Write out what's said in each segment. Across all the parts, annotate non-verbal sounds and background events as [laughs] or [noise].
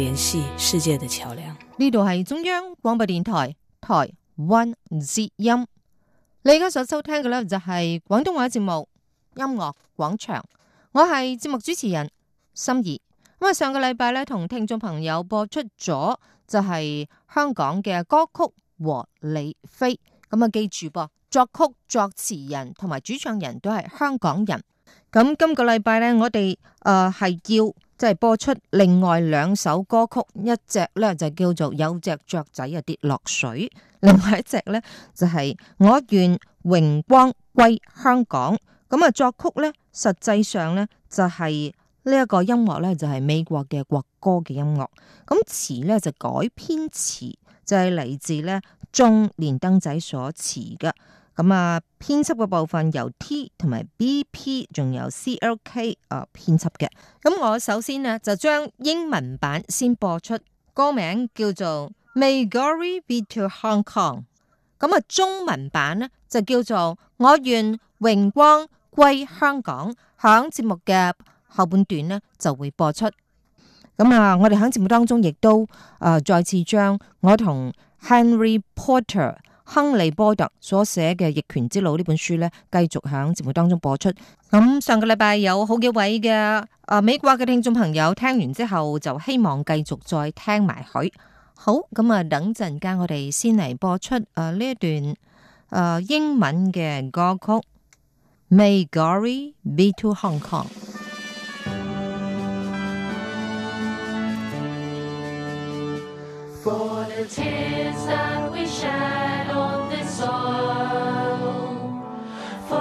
聯繫世界的橋樑。呢度係中央廣播電台台灣之音。你而家所收聽嘅咧就係廣東話節目《音樂廣場》。我係節目主持人心儀。咁啊，上個禮拜咧同聽眾朋友播出咗就係香港嘅歌曲《和李飛》。咁啊，記住噃，作曲、作詞人同埋主唱人都係香港人。咁今個禮拜咧，我哋誒係要。即、就、係、是、播出另外兩首歌曲，一隻咧就叫做有隻雀仔啊跌落水，另外一隻咧就係、是、我願榮光歸香港。咁啊作曲咧，實際上咧就係呢一個音樂咧就係、是、美國嘅國歌嘅音樂。咁詞咧就改編詞就係、是、嚟自咧中連登仔所詞嘅。咁啊，編輯嘅部分由 T 同埋 BP 仲有 CLK 啊編輯嘅。咁我首先呢，就將英文版先播出，歌名叫做《May Glory Be to Hong Kong》。咁啊，中文版呢，就叫做《我願榮光歸香港》，響節目嘅後半段呢，就會播出。咁啊，我哋響節目當中亦都啊、呃、再次將我同 Henry Porter。《亨利波特》所寫嘅《逆權之怒》呢本書呢，繼續響節目當中播出。咁上個禮拜有好幾位嘅啊美國嘅聽眾朋友聽完之後，就希望繼續再聽埋佢。好，咁啊，等陣間我哋先嚟播出啊呢一段誒、呃、英文嘅歌曲《May Glory Be to Hong Kong》。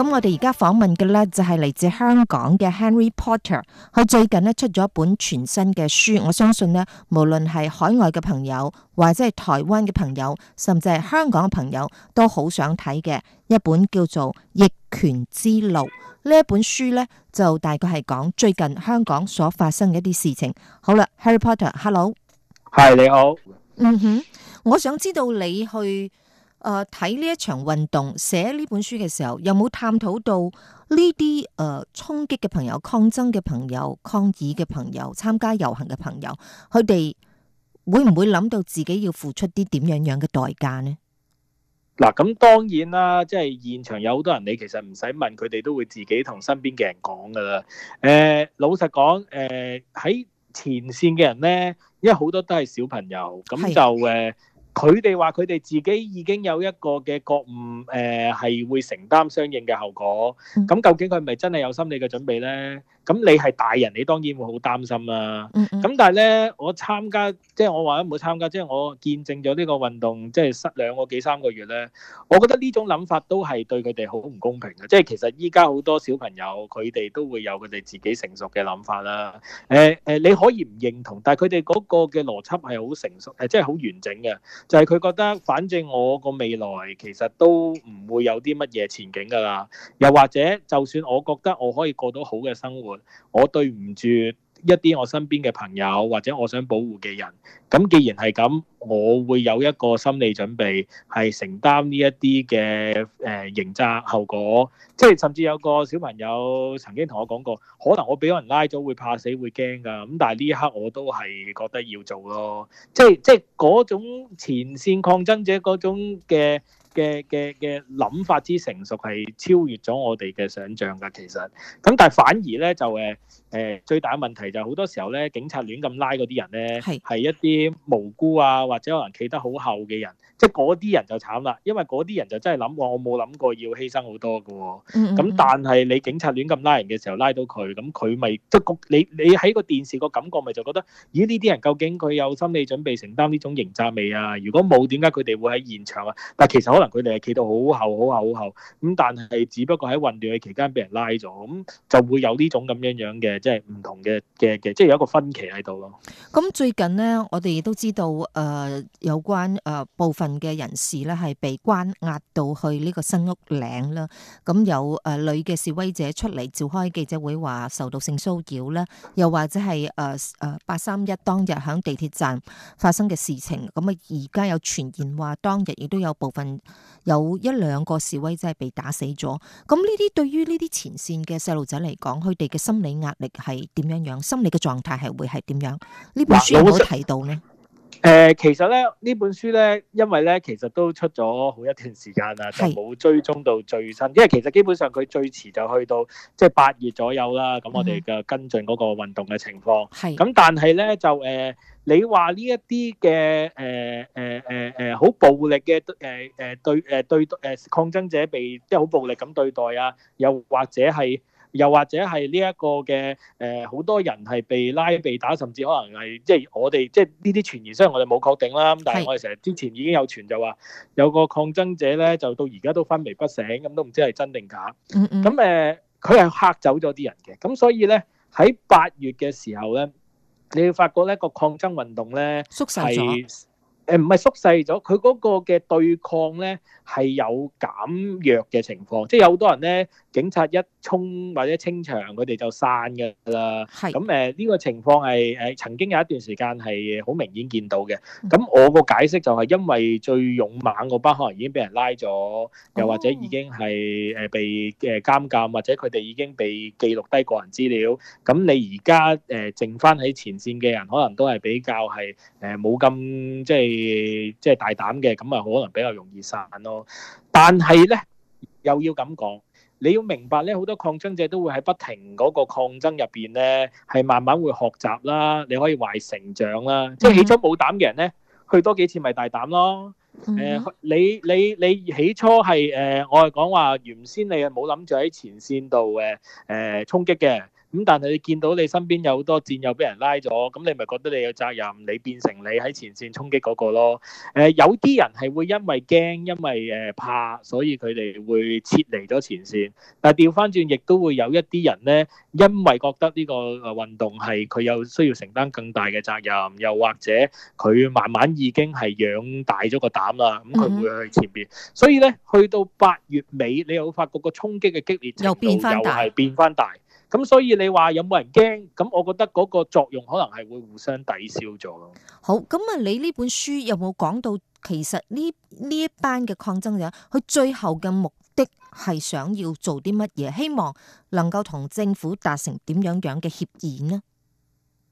咁我哋而家訪問嘅呢，就係嚟自香港嘅 Henry Porter，佢最近呢出咗一本全新嘅書，我相信呢，無論係海外嘅朋友，或者係台灣嘅朋友，甚至係香港嘅朋友，都好想睇嘅一本叫做《逆權之怒》呢一本書呢，就大概係講最近香港所發生嘅一啲事情。好啦，Henry Porter，Hello，Hi，你好，嗯哼，我想知道你去。誒，睇呢一場運動，寫呢本書嘅時候，有冇探討到呢啲誒衝擊嘅朋友、抗爭嘅朋友、抗議嘅朋友、參加遊行嘅朋友，佢哋會唔會諗到自己要付出啲點樣樣嘅代價呢？嗱，咁當然啦，即係現場有好多人，你其實唔使問佢哋，都會自己同身邊嘅人講噶啦。誒，老實講，誒喺前線嘅人咧，因為好多都係小朋友，咁就誒。佢哋話佢哋自己已經有一個嘅覺悟，誒、呃、係會承擔相應嘅後果。咁究竟佢係咪真係有心理嘅準備咧？咁你係大人，你當然會好擔心啦。咁、嗯嗯、但係咧，我參加，即係我話冇參加，即係我見證咗呢個運動，即係失兩個幾三個月咧。我覺得呢種諗法都係對佢哋好唔公平嘅。即係其實依家好多小朋友，佢哋都會有佢哋自己成熟嘅諗法啦。誒、呃、誒，你可以唔認同，但係佢哋嗰個嘅邏輯係好成熟，誒、呃，即係好完整嘅，就係佢覺得，反正我個未來其實都唔會有啲乜嘢前景㗎啦。又或者，就算我覺得我可以過到好嘅生活。我對唔住一啲我身邊嘅朋友或者我想保護嘅人，咁既然係咁，我會有一個心理準備係承擔呢一啲嘅誒，刑責後果，即係甚至有個小朋友曾經同我講過，可能我俾人拉咗會怕死會驚㗎，咁但係呢一刻我都係覺得要做咯，即係即係嗰種前線抗爭者嗰種嘅。嘅嘅嘅諗法之成熟係超越咗我哋嘅想象㗎，其實咁但係反而咧就誒誒、呃、最大嘅問題就係好多時候咧，警察亂咁拉嗰啲人咧，係係一啲無辜啊或者可能企得好後嘅人，即係嗰啲人就慘啦，因為嗰啲人就真係諗過我冇諗過要犧牲好多㗎喎、啊，咁、嗯嗯嗯、但係你警察亂咁拉人嘅時候拉到佢，咁佢咪即係你你喺個電視個感覺咪就覺得咦，呢啲人究竟佢有心理準備承擔呢種刑責未啊？如果冇點解佢哋會喺現場啊？但其實可能佢哋係企到好厚、好厚、好厚咁，但係只不過喺混亂嘅期間俾人拉咗，咁就會有呢種咁樣樣嘅，即係唔同嘅嘅嘅，即係有一個分歧喺度咯。咁最近咧，我哋都知道，誒有關誒部分嘅人士咧係被關押到去呢個新屋嶺啦。咁有誒女嘅示威者出嚟召開記者會，話受到性騷擾啦，又或者係誒誒八三一當日響地鐵站發生嘅事情。咁啊，而家有傳言話當日亦都有部分。有一兩個示威真係被打死咗，咁呢啲對於呢啲前線嘅細路仔嚟講，佢哋嘅心理壓力係點樣樣？心理嘅狀態係會係點樣？呢本書有冇睇到呢？誒、呃、其實咧呢這本書咧，因為咧其實都出咗好一段時間啦，就冇追蹤到最新，因為其實基本上佢最遲就去到即係八月左右啦。咁、mm -hmm. 我哋嘅跟進嗰個運動嘅情況，咁但係咧就誒、呃，你話呢一啲嘅誒誒誒誒好暴力嘅誒誒對誒、呃、對誒、呃、抗爭者被即係好暴力咁對待啊，又或者係。又或者係呢一個嘅誒，好、呃、多人係被拉、被打，甚至可能係即係我哋即係呢啲傳言，雖然我哋冇確定啦，但係我哋成日之前已經有傳就話有個抗爭者咧，就到而家都昏迷不醒，咁都唔知係真定假。咁、嗯、誒、嗯，佢係、呃、嚇走咗啲人嘅。咁所以咧，喺八月嘅時候咧，你會發覺咧個抗爭運動咧縮曬誒唔係縮細咗，佢嗰個嘅對抗咧係有減弱嘅情況，即係有好多人咧，警察一衝或者清場，佢哋就散㗎啦。係咁誒，呢個情況係誒曾經有一段時間係好明顯見到嘅。咁我個解釋就係因為最勇猛嗰班可能已經俾人拉咗，又或者已經係誒被誒監禁，或者佢哋已經被記錄低個人資料。咁你而家誒剩翻喺前線嘅人，可能都係比較係誒冇咁即係。誒即係大膽嘅，咁啊可能比較容易散咯。但係咧又要咁講，你要明白咧，好多抗爭者都會喺不停嗰個抗爭入邊咧，係慢慢會學習啦。你可以話成長啦，即係起初冇膽嘅人咧，去多幾次咪大膽咯。誒，你你你起初係誒，我係講話原先你係冇諗住喺前線度誒誒衝擊嘅。咁，但係你見到你身邊有好多戰友俾人拉咗，咁你咪覺得你有責任，你變成你喺前線衝擊嗰個咯。誒，有啲人係會因為驚，因為誒怕，所以佢哋會撤離咗前線。但係調翻轉，亦都會有一啲人咧，因為覺得呢個誒運動係佢有需要承擔更大嘅責任，又或者佢慢慢已經係養大咗個膽啦。咁佢會去前邊。嗯嗯。所以咧，去到八月尾，你又發覺個衝擊嘅激烈程度又係變翻大。咁所以你話有冇人驚？咁我覺得嗰個作用可能係會互相抵消咗咯。好咁啊！你呢本書有冇講到其實呢呢一班嘅抗爭者，佢最後嘅目的係想要做啲乜嘢？希望能夠同政府達成點樣樣嘅協議呢？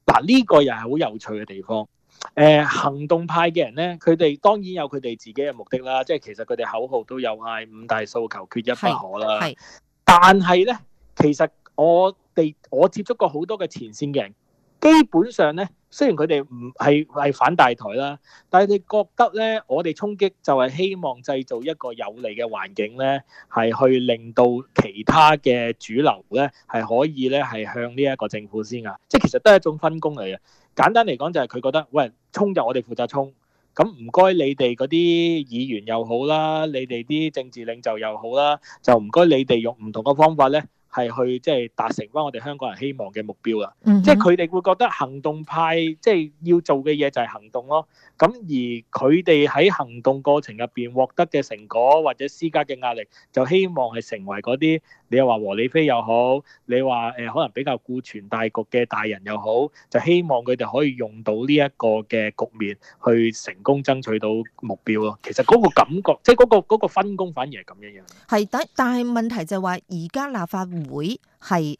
嗱，呢個又係好有趣嘅地方。誒、呃，行動派嘅人呢，佢哋當然有佢哋自己嘅目的啦。即係其實佢哋口號都有嗌五大訴求缺一不可啦。係，但係呢，其實。我哋我接觸過好多嘅前線嘅人，基本上咧，雖然佢哋唔係係反大台啦，但係你覺得咧，我哋衝擊就係希望製造一個有利嘅環境咧，係去令到其他嘅主流咧係可以咧係向呢一個政府先啊，即係其實都係一種分工嚟嘅。簡單嚟講，就係佢覺得喂，衝，就我哋負責衝，咁唔該你哋嗰啲議員又好啦，你哋啲政治領袖又好啦，就唔該你哋用唔同嘅方法咧。係去即係達成翻我哋香港人希望嘅目標啦，即係佢哋會覺得行動派即係要做嘅嘢就係行動咯。咁而佢哋喺行動過程入邊獲得嘅成果或者施加嘅壓力，就希望係成為嗰啲你又話和理非又好，你話誒可能比較顧全大局嘅大人又好，就希望佢哋可以用到呢一個嘅局面去成功爭取到目標咯。其實嗰個感覺即係嗰個嗰個分工反而係咁樣樣。係，但但係問題就係話而家立法會。會係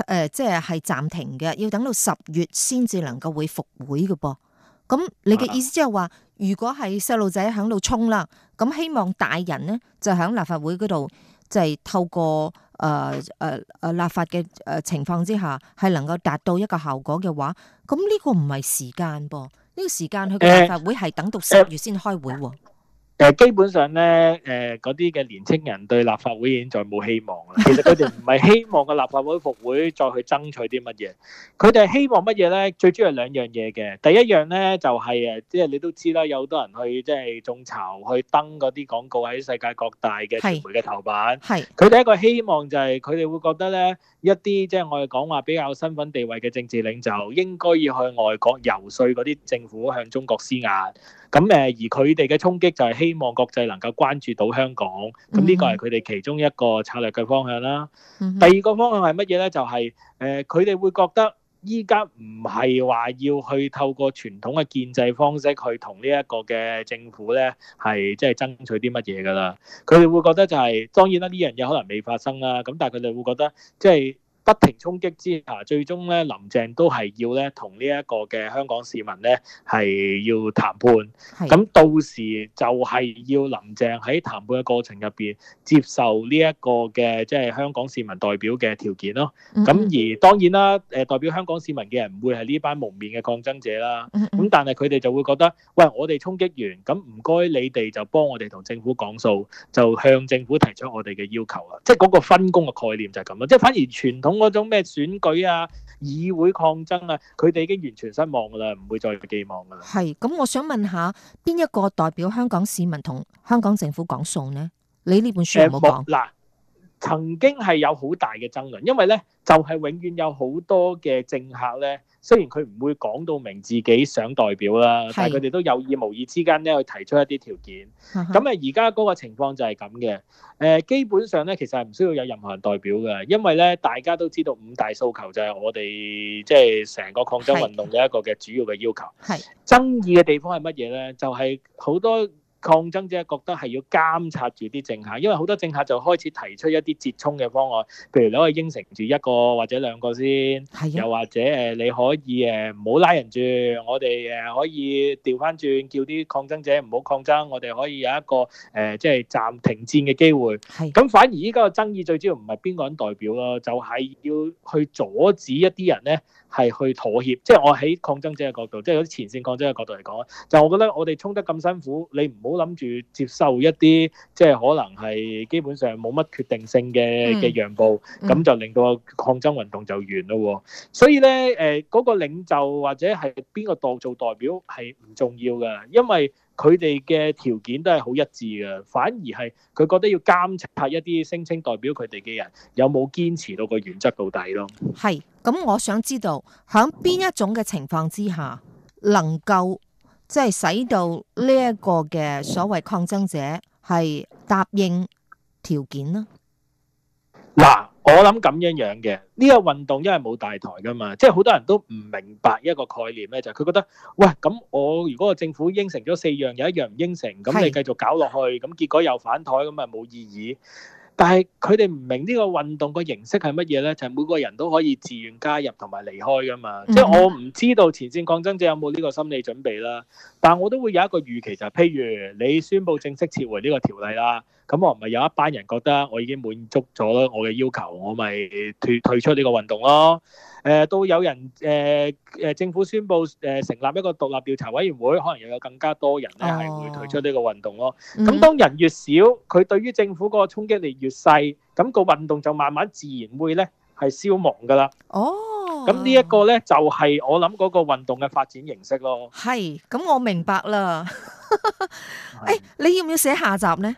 誒、呃，即係暫停嘅，要等到十月先至能夠會復會嘅噃。咁你嘅意思即係話，如果係細路仔響度衝啦，咁希望大人咧就喺立法會嗰度，就係透過誒誒誒立法嘅誒情況之下，係能夠達到一個效果嘅話，咁呢個唔係時間噃，呢、呢個時間佢立法會係等到十月先開會喎。誒基本上咧，誒嗰啲嘅年青人對立法會已經再冇希望啦。其實佢哋唔係希望個立法會復會再去爭取啲乜嘢，佢哋係希望乜嘢咧？最主要兩樣嘢嘅，第一樣咧就係誒，即係你都知啦，有好多人去即係眾籌去登嗰啲廣告喺世界各大嘅媒體嘅頭版。係佢哋一個希望就係佢哋會覺得咧，一啲即係我哋講話比較身份地位嘅政治領袖，應該要去外國遊說嗰啲政府向中國施壓。咁誒，而佢哋嘅衝擊就係希望國際能夠關注到香港，咁呢個係佢哋其中一個策略嘅方向啦。第二個方向係乜嘢咧？就係、是、誒，佢、呃、哋會覺得依家唔係話要去透過傳統嘅建制方式去同呢一個嘅政府咧，係即係爭取啲乜嘢㗎啦。佢哋會覺得就係、是、當然啦，呢樣嘢可能未發生啦。咁但係佢哋會覺得即係。就是不停衝擊之下，最終咧林鄭都係要咧同呢一個嘅香港市民咧係要談判。咁到時就係要林鄭喺談判嘅過程入邊接受呢一個嘅即係香港市民代表嘅條件咯。咁而當然啦，誒代表香港市民嘅人唔會係呢班蒙面嘅抗爭者啦。嗯，咁但係佢哋就會覺得，喂，我哋衝擊完，咁唔該你哋就幫我哋同政府講數，就向政府提出我哋嘅要求啦。即係嗰個分工嘅概念就係咁咯。即係反而傳統講嗰種咩選舉啊、議會抗爭啊，佢哋已經完全失望噶啦，唔會再寄望噶啦。係，咁我想問下，邊一個代表香港市民同香港政府講數呢？你呢本書有冇講。曾經係有好大嘅爭論，因為咧就係、是、永遠有好多嘅政客咧，雖然佢唔會講到明自己想代表啦，但係佢哋都有意無意之間咧去提出一啲條件。咁啊，而家嗰個情況就係咁嘅。誒，基本上咧其實係唔需要有任何人代表嘅，因為咧大家都知道五大訴求就係我哋即係成個抗爭運動嘅一個嘅主要嘅要求。係爭議嘅地方係乜嘢咧？就係、是、好多。抗爭者覺得係要監察住啲政客，因為好多政客就開始提出一啲折衷嘅方案，譬如你可以應承住一個或者兩個先，又或者誒你可以誒唔好拉人住，我哋誒可以調翻轉叫啲抗爭者唔好抗爭，我哋可以有一個誒即係暫停戰嘅機會。係咁，反而依家個爭議最主要唔係邊個人代表咯，就係、是、要去阻止一啲人咧。係去妥協，即係我喺抗爭者嘅角度，即係啲前線抗爭嘅角度嚟講，就我覺得我哋衝得咁辛苦，你唔好諗住接受一啲即係可能係基本上冇乜決定性嘅嘅讓步，咁，嗯，就令到抗爭運動就完咯。所以咧，誒嗰個領袖或者係邊個當做代表係唔重要㗎，因為。佢哋嘅條件都係好一致嘅，反而係佢覺得要監察一啲聲稱代表佢哋嘅人有冇堅持到個原則到底咯。係，咁我想知道喺邊一種嘅情況之下，能夠即係、就是、使到呢一個嘅所謂抗爭者係答應條件呢？嗱、啊。我諗咁樣樣嘅，呢、這個運動因為冇大台㗎嘛，即係好多人都唔明白一個概念咧，就佢、是、覺得喂，咁我如果個政府應承咗四樣有一樣唔應承，咁你繼續搞落去，咁結果又反台，咁咪冇意義。但係佢哋唔明呢個運動個形式係乜嘢咧，就是、每個人都可以自願加入同埋離開㗎嘛。嗯、即係我唔知道前線抗爭者有冇呢個心理準備啦，但係我都會有一個預期就係、是，譬如你宣布正式撤回呢個條例啦。咁我咪有一班人覺得我已經滿足咗我嘅要求，我咪退，退出呢個運動咯。誒、呃、都有人、呃、政府宣布成立一個獨立調查委員會，可能又有更加多人咧係會退出呢個運動咯。咁、哦嗯、當人越少，佢對於政府個個衝擊力越細，咁個運動就慢慢自然會咧係消亡噶啦。哦，咁呢一個咧就係、是、我諗嗰個運動嘅發展形式咯。係，咁我明白啦。誒、 [laughs] 哎，你要唔要寫下集咧？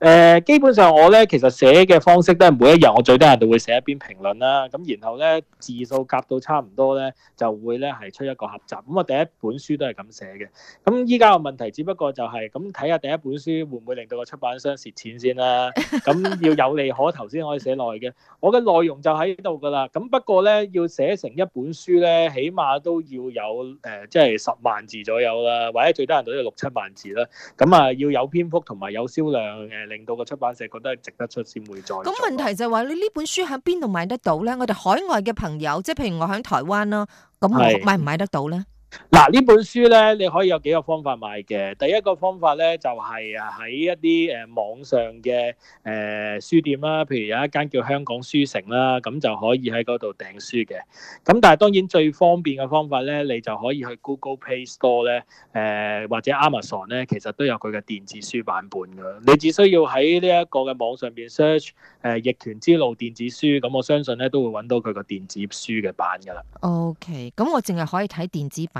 誒，基本上我咧其實寫嘅方式都係每一日我最低限度都會寫一篇評論啦，咁然後咧字數夾到差唔多咧就會咧係出一個合集，咁我第一本書都係咁寫嘅。咁依家個問題只不過就係咁睇下第一本書會唔會令到個出版商蝕錢先啦。咁要有利可圖先可以寫落去嘅，我嘅內容就喺度㗎啦。咁不過咧要寫成一本書咧，起碼都要有誒即係十萬字左右啦，或者最低限度都要六七萬字啦。咁啊要有篇幅同埋有銷量嘅。令到個出版社覺得係值得出先會再。咁問題就係話你呢本書喺邊度買得到咧？我哋海外嘅朋友，即係譬如我喺台灣囉，咁買唔買得到咧？嗱，呢本書咧，你可以有幾個方法買嘅。第一個方法咧，就係、是、喺一啲誒網上嘅誒書店啦，譬如有一間叫香港書城啦，咁就可以喺嗰度訂書嘅。咁但係當然最方便嘅方法咧，你就可以去 Google Play Store 咧、呃，誒或者 Amazon 咧，其實都有佢嘅電子書版本噶。你只需要喺呢一個嘅網上邊 search 誒《逆權之怒》電子書，咁我相信咧都會揾到佢個電子書嘅版噶啦。OK，咁我淨係可以睇電子版。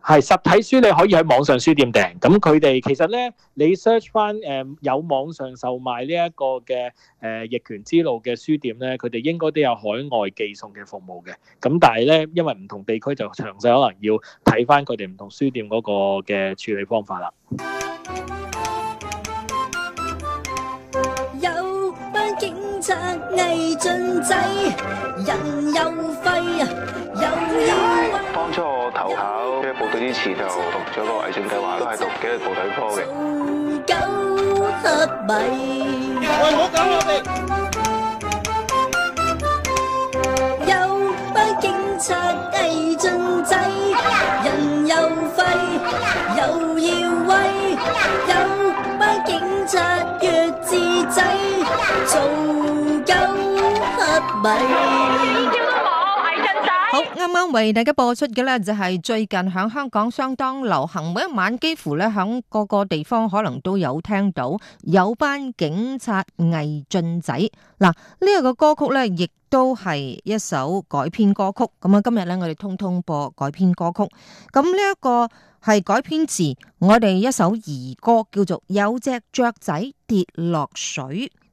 係實體書，你可以喺網上書店訂，咁佢哋其實咧，你 search 翻誒有網上售賣呢一個嘅誒《逆權之怒》嘅書店咧，佢哋應該都有海外寄送嘅服務嘅，咁但係咧，因為唔同地區就詳細可能要睇翻佢哋唔同書店嗰個嘅處理方法啦。有班警察藝進制，人又廢，又有壞。當初我投考紀律部隊之前就讀咗個毅進計劃，都係讀紀律部隊科嘅。唔好搞我哋！有班警察毅進仔，人又廢、哎、又要威，哎、有班警察弱智仔，做狗乞米。哎啱啱為大家播出嘅呢，就係最近喺香港相當流行，每一晚幾乎咧響個個地方可能都有聽到。有班警察藝俊仔嗱，呢一個歌曲呢，亦都係一首改編歌曲。咁啊，今日呢，我哋通通播改編歌曲。咁呢一個係改編詞，我哋一首兒歌叫做《有隻雀仔跌落水》。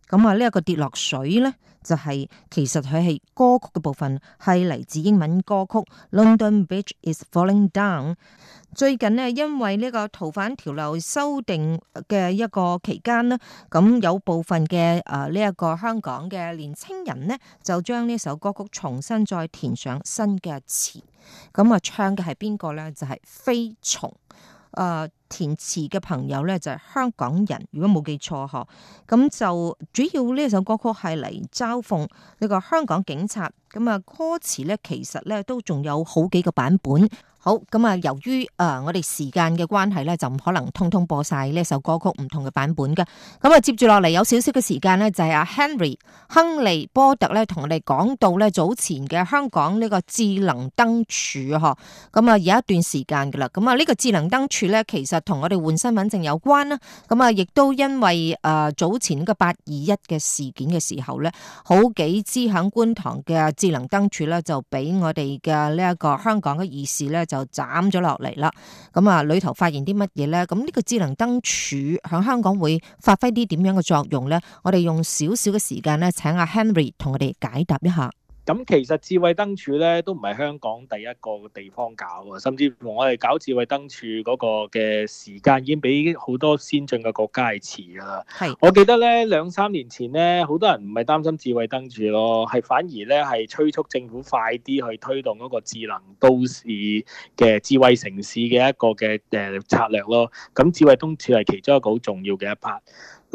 咁啊，呢一個跌落水呢。就係、是、其實佢係歌曲嘅部分係嚟自英文歌曲《London Bridge Is Falling Down》。最近呢，因為呢個逃犯條例修訂嘅一個期間呢，咁有部分嘅誒呢一個香港嘅年青人呢，就將呢首歌曲重新再填上新嘅詞。咁啊，唱嘅係邊個呢？就係飛蟲。誒、呃、填詞嘅朋友咧就係、是、香港人，如果冇記錯嗬，咁就主要呢首歌曲係嚟嘲諷呢個香港警察，咁啊歌詞咧其實咧都仲有好幾個版本。好，咁啊，由於誒、呃、我哋時間嘅關係咧，就唔可能通通播晒呢首歌曲唔同嘅版本噶。咁啊，接住落嚟有少少嘅時間呢，就係、是、阿 Henry 亨利波特咧，同我哋講到呢早前嘅香港呢個智能燈柱呵。咁啊，有一段時間噶啦。咁啊，呢、這個智能燈柱呢，其實同我哋換身份證有關啦。咁啊，亦、啊、都因為誒、啊、早前個八二一嘅事件嘅時候呢，好幾支響觀塘嘅智能燈柱呢，就俾我哋嘅呢一個香港嘅議事呢。就斬咗落嚟啦。咁啊，裏頭發現啲乜嘢咧？咁、這、呢個智能燈柱喺香港會發揮啲點樣嘅作用咧？我哋用少少嘅時間咧，請阿 Henry 同我哋解答一下。咁其實智慧燈柱咧都唔係香港第一個地方搞啊，甚至我哋搞智慧燈柱嗰個嘅時間已經比好多先進嘅國家係遲㗎啦。係，我記得咧兩三年前咧，好多人唔係擔心智慧燈柱咯，係反而咧係催促政府快啲去推動嗰個智能都市嘅智慧城市嘅一個嘅誒策略咯。咁智慧燈柱係其中一個好重要嘅一 part。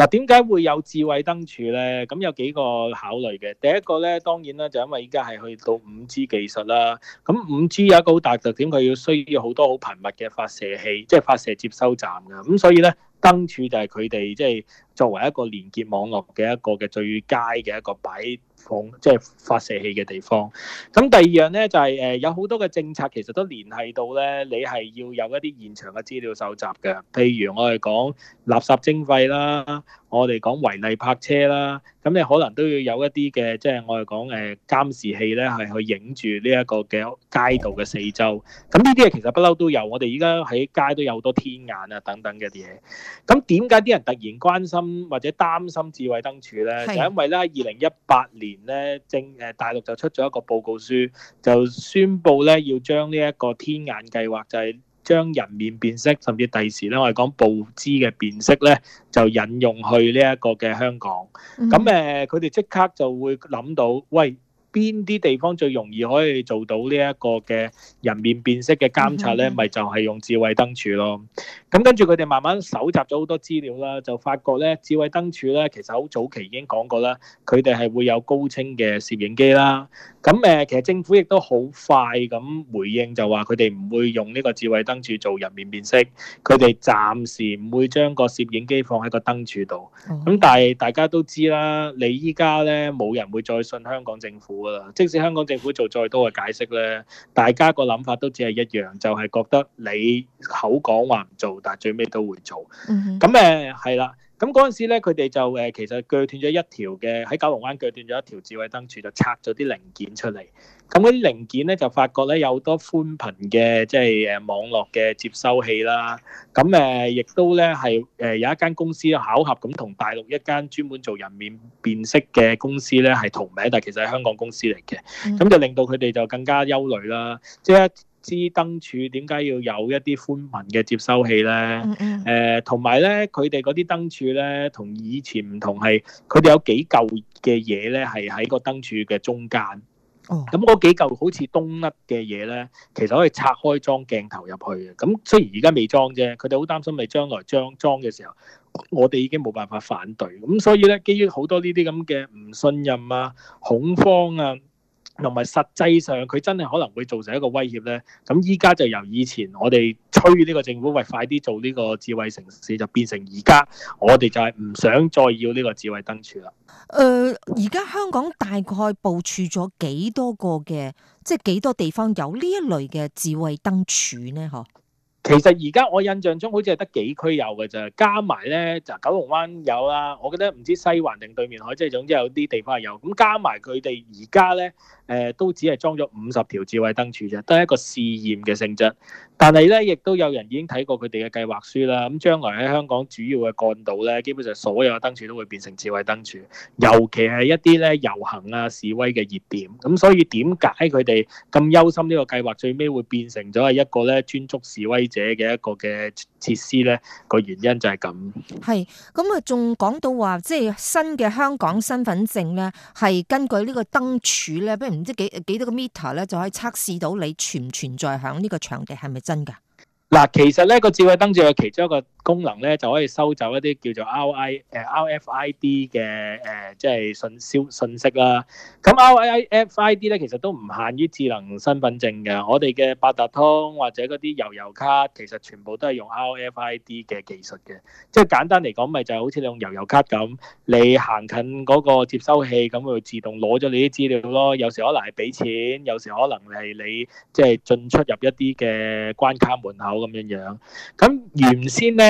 嗱，點解會有智慧燈柱咧？咁有幾個考慮嘅。第一個咧，當然啦，就因為依家係去到五 G 技術啦。咁五 G 有一個好大特點，佢要需要好多好頻密嘅發射器，即係發射接收站㗎。咁所以咧。燈柱就係佢哋即係作為一個連結網絡嘅一個嘅最佳嘅一個擺放即係、就是、發射器嘅地方。咁第二樣呢，就係、是、誒有好多嘅政策其實都聯繫到呢，你係要有一啲現場嘅資料搜集嘅，譬如我哋講垃圾徵費啦。我哋講違例泊車啦，咁你可能都要有一啲嘅，即係我哋講誒監視器咧，係去影住呢一個嘅街道嘅四周。咁呢啲嘢其實不嬲都有，我哋而家喺街都有好多天眼啊等等嘅嘢。咁點解啲人突然關心或者擔心智慧燈柱咧？就因為咧，二零一八年咧政誒大陸就出咗一個報告書，就宣布咧要將呢一個天眼計劃在。就係將人面辨識，甚至第時咧，我哋講佈置嘅辨識咧，就引用去呢一個嘅香港。咁誒，佢哋即刻就會諗到，喂，邊啲地方最容易可以做到呢一個嘅人面辨識嘅監察咧？咪就係用智慧燈柱咯。咁跟住佢哋慢慢搜集咗好多資料啦，就發覺咧，智慧燈柱咧其實好早期已經講過啦，佢哋係會有高清嘅攝影機啦。咁誒，其實政府亦都好快咁回應，就話佢哋唔會用呢個智慧燈柱做人面辨識，佢哋暫時唔會將個攝影機放喺個燈柱度。咁但係大家都知啦，你依家咧冇人會再信香港政府㗎啦，即使香港政府做再多嘅解釋咧，大家個諗法都只係一樣，就係覺得你口講話唔做。但係最尾都會做，咁誒係啦。咁嗰陣時咧，佢哋就誒其實鋸斷咗一條嘅喺九龍灣鋸斷咗一條智慧燈柱，就拆咗啲零件出嚟。咁嗰啲零件咧就發覺咧有好多寬頻嘅即係誒網絡嘅接收器啦。咁誒亦都咧係誒有一間公司巧合咁同大陸一間專門做人面辨識嘅公司咧係同名，但係其實係香港公司嚟嘅。咁就令到佢哋就更加憂慮啦。即係。支燈柱點解要有一啲寬頻嘅接收器咧？誒、呃，同埋咧，佢哋嗰啲燈柱咧，同以前唔同係，佢哋有幾嚿嘅嘢咧，係喺個燈柱嘅中間。哦、嗯，咁、嗯、嗰幾嚿好似東甩嘅嘢咧，其實可以拆開裝鏡頭入去嘅。咁雖然而家未裝啫，佢哋好擔心你將來裝裝嘅時候，我哋已經冇辦法反對。咁所以咧，基於好多呢啲咁嘅唔信任啊、恐慌啊。同埋實際上，佢真係可能會造成一個威脅咧。咁依家就由以前我哋催呢個政府為快啲做呢個智慧城市，就變成而家我哋就係唔想再要呢個智慧燈柱啦。呃，誒，而家香港大概部署咗幾多個嘅，即係幾多地方有呢一類嘅智慧燈柱呢？嗬？其實而家我印象中好似係得幾區有嘅啫，加埋咧就九龍灣有啦，我覺得唔知西環定對面海，即係總之有啲地方係有。咁加埋佢哋而家咧，誒都只係裝咗五十條智慧燈柱啫，都係一個試驗嘅性質。但係咧，亦都有人已經睇過佢哋嘅計劃書啦。咁將來喺香港主要嘅幹道咧，基本上所有嘅燈柱都會變成智慧燈柱，尤其係一啲咧遊行啊示威嘅熱點。咁所以點解佢哋咁憂心呢個計劃最尾會變成咗係一個咧專捉示威者嘅一個嘅設施咧？個原因就係咁。係咁啊，仲講到話即係新嘅香港身份證咧，係根據這個呢個燈柱咧，不如唔知幾幾多個 meter 咧，就可以測試到你存唔存在喺呢個場地係咪？是真噶嗱，其實呢個智慧燈柱係其中一個，功能咧就可以收走一啲叫做 RFID 嘅，誒即係信消信息啦。咁 RFID 咧其實都唔限於智能身份證嘅，我哋嘅八達通或者嗰啲悠遊卡其實全部都係用 RFID 嘅技術嘅。即係簡單嚟講咪就係好似用悠遊卡咁，你行近嗰個接收器，咁佢會自動攞咗你啲資料咯。有時可能係俾錢，有時可能係你即係進出入一啲嘅關卡門口咁樣樣咁原先咧。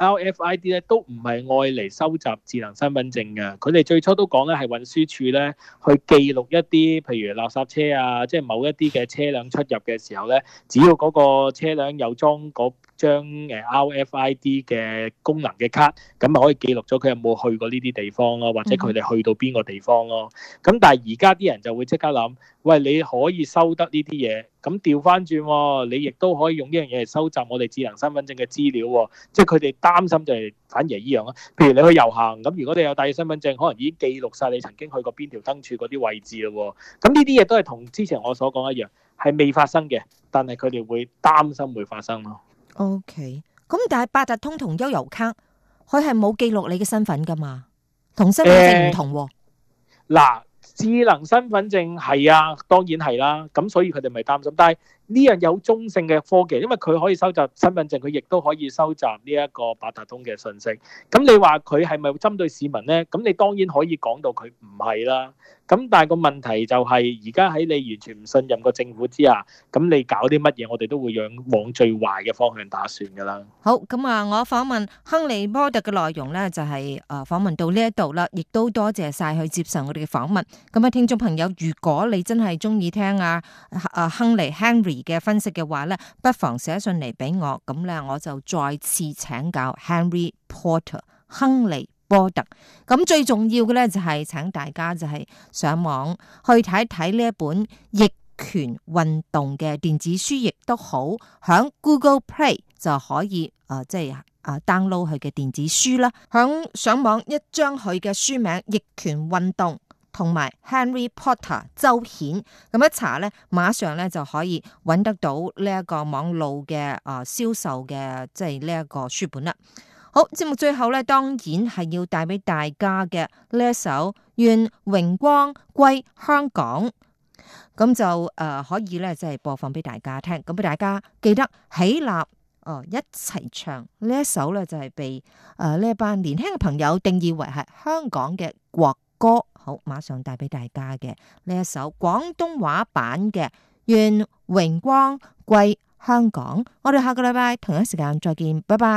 RFID 咧都唔係愛嚟收集智能身份證嘅，佢哋最初都講咧係運輸署咧去記錄一啲譬如垃圾車啊，即係某一啲嘅車輛出入嘅時候咧，只要嗰個車輛有裝嗰張 RFID 嘅功能嘅卡，咁啊可以記錄咗佢有冇去過呢啲地方咯，或者佢哋去到邊個地方咯。咁但係而家啲人就會即刻諗，喂你可以收得呢啲嘢，咁調翻轉喎，你亦都可以用一樣嘢嚟收集我哋智能身份證嘅資料喎，即係佢哋擔心就係反而依樣咯。譬如你去遊行，咁如果你有帶身份證，可能已經記錄晒你曾經去過邊條燈柱嗰啲位置咯。咁呢啲嘢都係同之前我所講一樣，係未發生嘅，但係佢哋會擔心會發生咯。OK，咁但係八達通同悠遊卡，佢係冇記錄你嘅身份噶嘛，同身份證唔同喎、啊。嗱、欸，智能身份證係啊，當然係啦、啊。咁所以佢哋咪擔心，但係。呢樣有中性嘅科技，因為佢可以收集身份證，佢亦都可以收集呢一個八達通嘅信息。咁你話佢係咪針對市民呢？咁你當然可以講到佢唔係啦。咁但係個問題就係，而家喺你完全唔信任個政府之下，咁你搞啲乜嘢，我哋都會往往最壞嘅方向打算㗎啦。好，咁啊，我訪問亨利波特嘅內容呢，就係啊訪問到呢一度啦，亦都多謝曬佢接受我哋嘅訪問。咁啊，聽眾朋友，如果你真係中意聽啊啊亨利 Henry，嘅分析嘅話咧，不妨寫信嚟俾我，咁咧我就再次請教 Henry Porter 亨利波特。咁最重要嘅咧就係請大家就係上網去睇一睇呢一本《逆權運動》嘅電子書，亦都好，響 Google Play 就可以誒，即係誒 download 佢嘅電子書啦。響上網一張佢嘅書名《逆權運動》。同埋《Henry Porter》，周顯咁一查咧，馬上咧就可以揾得到呢一個網路嘅啊銷售嘅，即係呢一個書本啦。好，節目最後咧，當然係要帶俾大家嘅呢一首《願榮光歸香港》，咁就誒、呃、可以咧，即係播放俾大家聽。咁俾大家記得起立哦，一齊唱呢一首咧，就係被誒呢一班年輕嘅朋友定義為係香港嘅國歌。好，馬上帶俾大家嘅呢一首廣東話版嘅《願榮光歸香港》。我哋下個禮拜同一時間再見，拜拜。